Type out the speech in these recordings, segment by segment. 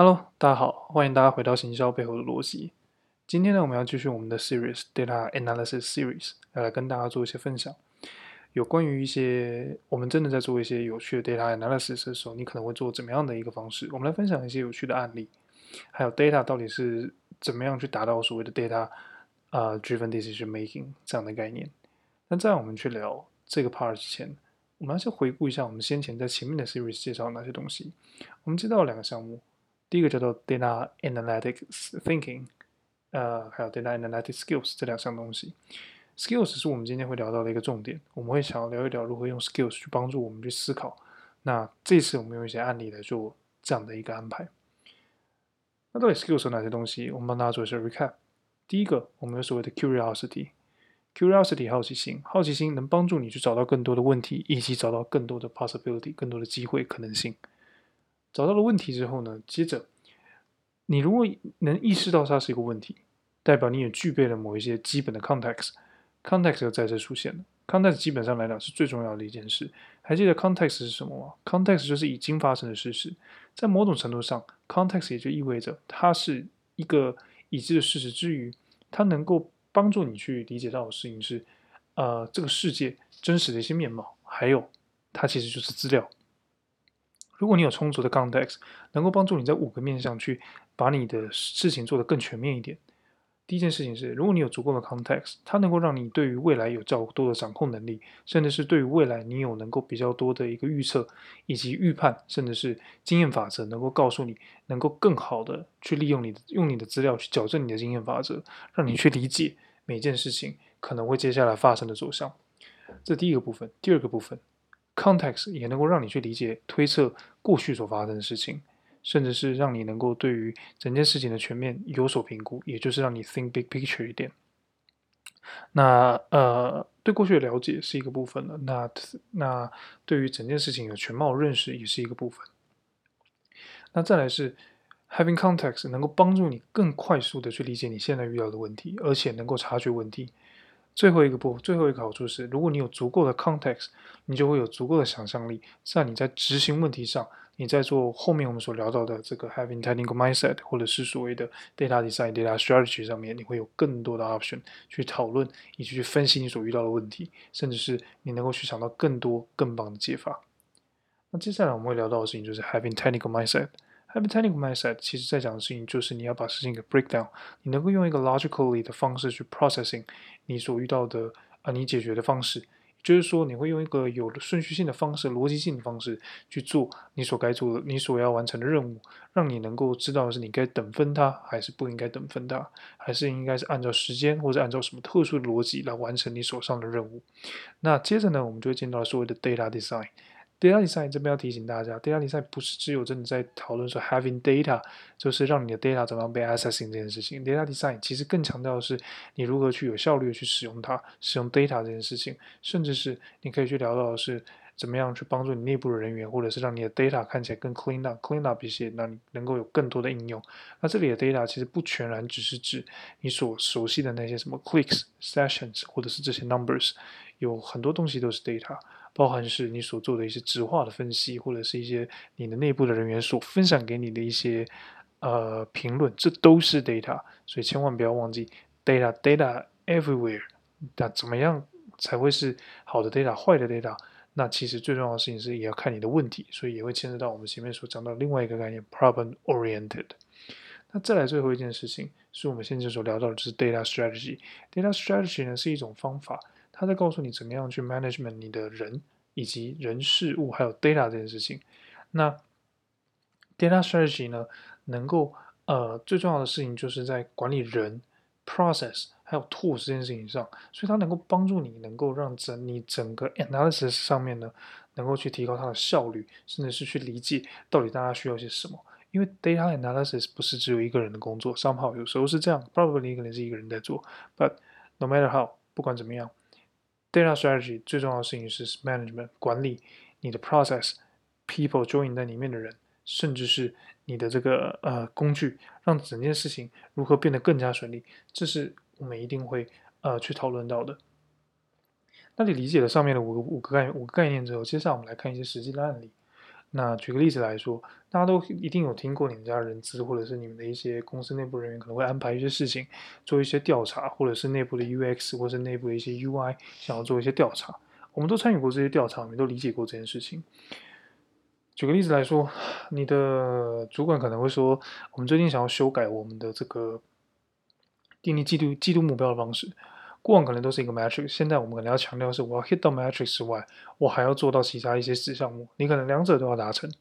Hello，大家好，歡迎大家回到行銷背後的邏輯。今天呢，我們要繼續我們的 series data analysis series，要來，來跟大家做一些分享。有關於一些我們真的在做一些有趣的 data analysis 的時候，你可能會做怎麼樣的一個方式？我們來分享一些有趣的案例，還有 data 到底是怎麼樣去達到所謂的 data 啊、呃、driven decision making 這樣的概念。那在我們去聊這個 part 之前，我們要先回顧一下我們先前在前面的 series 介紹哪些東西。我們介紹了兩個項目。第一個叫做 data analytics thinking，呃，還有 data analytics skills 這兩項東西。skills 是我們今天會聊到的一個重點，我們會想要聊一聊如何用 skills 去幫助我們去思考。那這次我們用一些案例來做這樣的一個安排。那到底 skills 有哪些東西？我們幫大家做一下 recap。第一個，我們有所謂的 curiosity，curiosity 好奇心，好奇心能幫助你去找到更多的問題，以及找到更多的 possibility，更多的機會可能性。找到了問題之後呢，接着，你如果能意識到它是一個問題，代表你也具備了某一些基本的 context。context 又再次出現了，context 基本上來講是最重要的一件事。還記得 context 是什麼嗎？context 就是已經發生的事實，在某種程度上，context 也就意味着它是一個已知的事實，之餘，它能夠幫助你去理解到的事情是，呃，這個世界真實的一些面貌，還有它其實就是資料。如果你有充足的 context，能夠幫助你在五個面向去把你的事情做得更全面一點。第一件事情是，如果你有足夠的 context，它能夠讓你對於未來有較多的掌控能力，甚至是對於未來你有能夠比較多的一個預測以及預判，甚至是經驗法則能夠告訴你，能夠更好的去利用你的用你的資料去矯正你的經驗法則，讓你去理解每件事情可能會接下來發生的走向。這第一個部分，第二個部分。Context 也能夠讓你去理解推測過去所發生的事情，甚至是讓你能夠對於整件事情的全面有所評估，也就是讓你 think big picture 一點。那呃，對過去的了解是一個部分了，那那對於整件事情有全貌認識也是一個部分。那再來是 having context 能夠幫助你更快速的去理解你現在遇到的問題，而且能夠察覺問題。最後一個部分，最後一個好處是，如果你有足夠的 context，你就會有足夠的想象力。在你在執行問題上，你在做後面我們所聊到的這個 having technical mindset，或者是所謂的 data design, data strategy 上面，你會有更多的 option 去討論，以及去分析你所遇到的問題，甚至是你能夠去想到更多更棒的解法。那接下來我們會聊到的事情就是 having technical mindset。hypothetical mindset 其實，在講的事情就是你要把事情給 break down，你能夠用一個 logically 的方式去 processing 你所遇到的啊、呃，你解決的方式，也就是說你會用一個有順序性的方式、邏輯性的方式去做你所該做的、你所要完成的任務，讓你能夠知道是，你該等分它，還是不應該等分它，還是應該是按照時間或者按照什麼特殊的邏輯來完成你手上的任務。那接着呢，我們就會見到所謂的 data design。Data Design 這邊要提醒大家，Data Design 不是只有真的在討論說 Having Data，就是讓你的 Data 怎麼樣被 Accessing 這件事情。Data Design 其實更強調的是你如何去有效率的去使用它，使用 Data 這件事情，甚至是你可以去聊到的是怎麼樣去幫助你內部的人員，或者是讓你的 Data 看起來更 Clean Up、Clean Up 一些，讓你能夠有更多的應用。那這裡的 Data 其實不全然只是指你所熟悉的那些什麼 Clicks、Sessions 或者是這些 Numbers，有很多東西都是 Data。包含是你所做的一些直化的分析，或者是一些你的內部的人員所分享給你的一些呃評論，這都是 data，所以千萬不要忘記 data data everywhere。那怎麼樣才會是好的 data，壞的 data？那其實最重要的事情是也要看你的問題，所以也會牽扯到我們前面所講到另外一個概念 problem oriented。那再來最後一件事情，是我們現在所聊到的就是 data strategy。data strategy 呢，是一種方法。他在告訴你怎麼樣去 management 你的人以及人事物，還有 data 這件事情。那 data strategy 呢，能夠呃最重要的事情就是在管理人、process 還有 tools 這件事情上，所以它能夠幫助你能夠讓整你整個 analysis 上面呢，能夠去提高它的效率，甚至是去理解到底大家需要些什麼。因為 data analysis 不是只有一個人的工作，somehow 有時候是這樣，probably 可能是一個人在做，but no matter how 不管怎麼樣。Data strategy 最重要的事情是 management 管理你的 process、people join 在裡面的人，甚至是你的這個呃工具，讓整件事情如何變得更加順利，這是我們一定會呃去討論到的。那你理解了上面的五個五個概念五個概念之後，接下來我們來看一些實際的案例。那舉個例子來說，大家都一定有聽過你們家的人資，或者是你們的一些公司內部人員可能會安排一些事情，做一些調查，或者是內部的 UX，或者是內部的一些 UI 想要做一些調查，我們都參與過這些調查，我們都理解過這件事情。舉個例子來說，你的主管可能會說，我們最近想要修改我們的這個訂立季度季度目標的方式。過往可能都是一個 metric，現在我們可能要強調是我要 hit 到 metric 之外，我還要做到其他一些子項目，你可能兩者都要達成。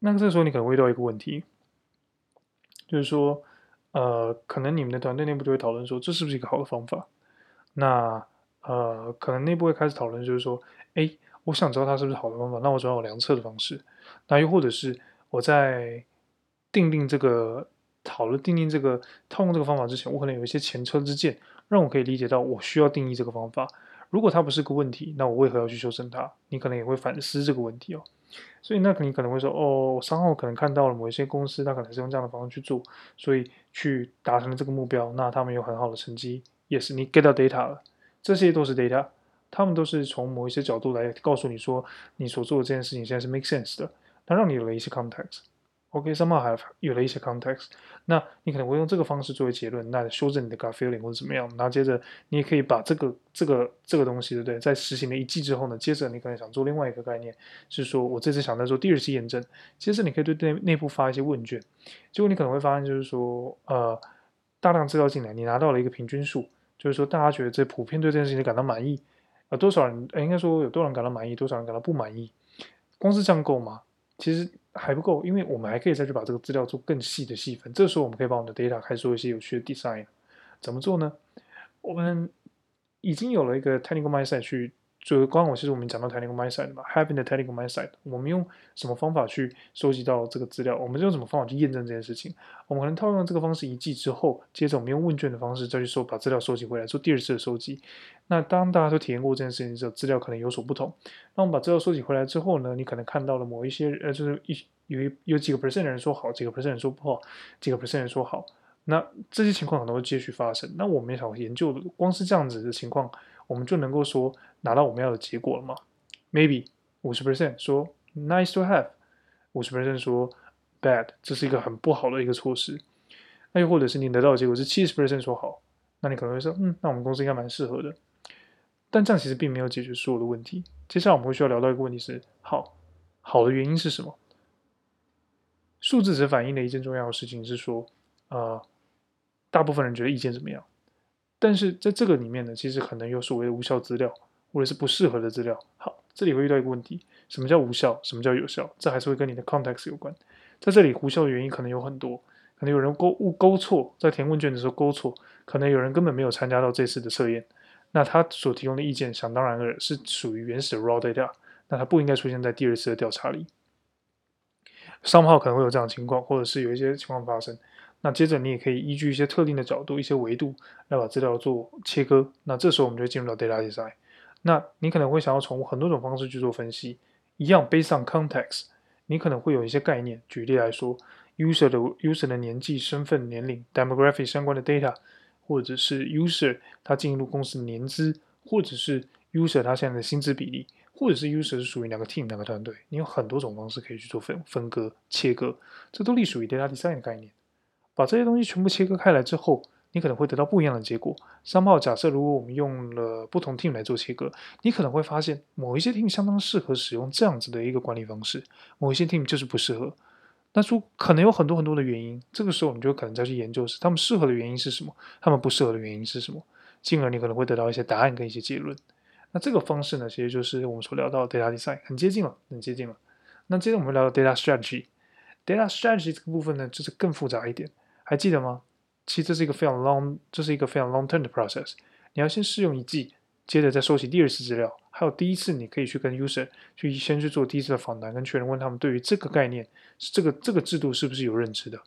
那這時候你可能會遇到一個問題，就是說，呃，可能你們的團隊內部就會討論說，這是不是一個好的方法？那呃，可能內部會開始討論，就是說，哎、欸，我想知道它是不是好的方法，那我總要有量測的方式。那又或者是我在訂定這個。討論定義這個套用這個方法之前，我可能有一些前車之鑑，讓我可以理解到我需要定義這個方法。如果它不是個問題，那我為何要去修正它？你可能也會反思這個問題哦。所以，那你可能會說，哦，我上號可能看到了某一些公司，他可能是用這樣的方式去做，所以去達成了這個目標，那他們有很好的成績。Yes，你 get 到 data 了，這些都是 data，他們都是從某一些角度來告訴你說，你所做的這件事情現在是 make sense 的，那讓你有了一些 context。OK，somehow、okay, 還有了一些 context，那你可能會用這個方式作為結論，那修正你的 gut feeling 或者怎麼樣？那接着你也可以把這個這個這個東西，對不對？在實行了一季之後呢，接着你可能想做另外一個概念，就是說我這次想再做第二期驗證。其實你可以對內內部發一些問卷，結果你可能會發現就是說，呃，大量資料進來，你拿到了一個平均數，就是說大家覺得這普遍對這件事情感到滿意，呃，多少人？哎、呃，應該說有多少人感到滿意，多少人感到不滿意？光是這樣夠嗎？其實還不夠，因為我們還可以再去把這個資料做更細的細分。這時候我們可以把我們的 data 開始做一些有趣的 design。怎麼做呢？我們已經有了一個 technical mindset 去。就剛,剛我其實我們講到 technical mindset 嘛 having the technical mindset，我們用什麼方法去收集到這個資料？我們用什麼方法去驗證這件事情？我們可能套用這個方式一季之後，接着我們用問卷的方式再去收，把資料收集回來做第二次的收集。那當大家都體驗過這件事情的時候，資料可能有所不同。那我們把資料收集回來之後呢，你可能看到了某一些呃，就是一有一有幾個 percent 的人說好，幾個 percent 人說不好，幾個 percent 人說好。那這些情況可能會繼續發生。那我們也想研究，光是這樣子的情況。我們就能夠說拿到我們要的結果了嗎？Maybe 五十 percent 說 nice to have，五十 percent 說 bad，這是一個很不好的一個措施。那又或者是你得到的結果是七十 percent 說好，那你可能會說，嗯，那我們公司應該蠻適合的。但這樣其實並沒有解決所有的問題。接下來我們會需要聊到一個問題是，是好好的原因是什麼？數字只反映了一件重要的事情，是說，呃，大部分人覺得意見怎麼樣？但是在這個裡面呢，其實可能有所謂的無效資料，或者是不適合的資料。好，這裡會遇到一個問題：什麼叫無效？什麼叫有效？這還是會跟你的 context 有關。在這裡，無效的原因可能有很多，可能有人勾誤勾錯，在填問卷的時候勾錯，可能有人根本沒有參加到這次的測驗，那他所提供的意見，想當然的是屬於原始的 raw data，那它不應該出現在第二次的調查裡。Somehow 可能會有這樣的情況，或者是有一些情況發生。那接着你也可以依據一些特定的角度、一些維度來把資料做切割。那這時候我們就進入到 data design。那你可能會想要從很多種方式去做分析，一樣 based on context，你可能會有一些概念。舉例來說，user 的 user 的年紀、身份、年齡 demographic 相關的 data，或者是 user 他進入公司年資，或者是 user 他現在的薪資比例，或者是 user 是屬於哪個 team、哪個團隊，你有很多種方式可以去做分分割、切割，這都隸屬於 data design 的概念。把這些東西全部切割開來之後，你可能會得到不一樣的結果。三號假設，如果我們用了不同 team 來做切割，你可能會發現某一些 team 相當適合使用這樣子的一個管理方式，某一些 team 就是不適合。那說可能有很多很多的原因，這個時候我們就可能再去研究是他們適合的原因是什麼，他們不適合的原因是什麼，進而你可能會得到一些答案跟一些結論。那這個方式呢，其實就是我們所聊到的 data design 很接近了，很接近了。那接着我們聊到 strategy data strategy，data strategy 這個部分呢，就是更複雜一點。還記得嗎？其實這是一個非常 long，這是一個非常 long term 的 process。你要先試用一季，接着再收集第二次資料，還有第一次你可以去跟 user 去先去做第一次的訪談，跟確認問他們對於這個概念是這個這個制度是不是有認知的。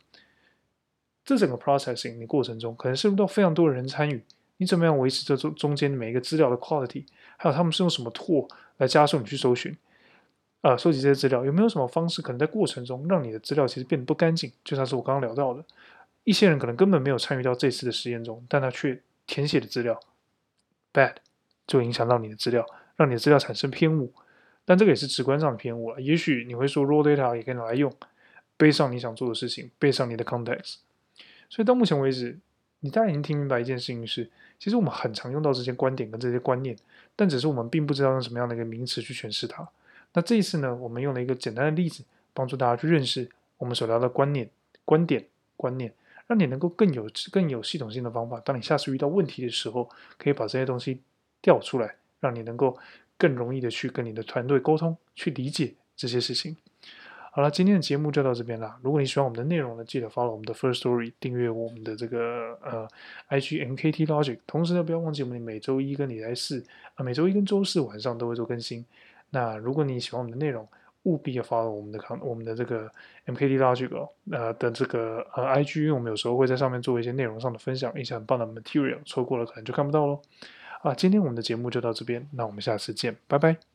這整個 processing 的過程中，可能涉及到非常多的人參與。你怎麼樣維持這中中間的每一個資料的 quality？還有他們是用什麼 tool 來加速你去搜尋？啊、呃，收集這些資料有沒有什麼方式？可能在過程中讓你的資料其實變得不乾淨，就像是我剛剛聊到的。一些人可能根本沒有參與到這次的實驗中，但他卻填寫的資料 bad 就影響到你的資料，讓你的資料產生偏誤。但這個也是直觀上的偏誤啊，也許你會說 raw data 也可以拿來用，背上你想做的事情，背上你的 context。所以到目前為止，你當然已經聽明白一件事情是：其實我們很常用到這些觀點跟這些觀念，但只是我們並不知道用什麼樣的一個名詞去詮釋它。那這一次呢，我們用了一個簡單的例子，幫助大家去認識我們所聊的觀念、觀點、觀念，讓你能夠更有更有系統性的方法，當你下次遇到問題的時候，可以把這些東西調出來，讓你能夠更容易的去跟你的團隊溝通，去理解這些事情。好了，今天的節目就到這邊啦。如果你喜歡我們的內容呢，記得 follow 我們的 First Story，訂閱我們的這個呃 IG MKT Logic。同時呢，不要忘記我們每周一跟禮拜四啊、呃，每周一跟周四晚上都會做更新。那如果你喜歡我們的內容，務必要發到我們的我們的這個 MKD Logic 呃的這個呃 IG，因為我們有時候會在上面做一些內容上的分享，一些很棒的 material，錯過了可能就看不到嘍。啊、呃，今天我們的節目就到這邊，那我們下次見，拜拜。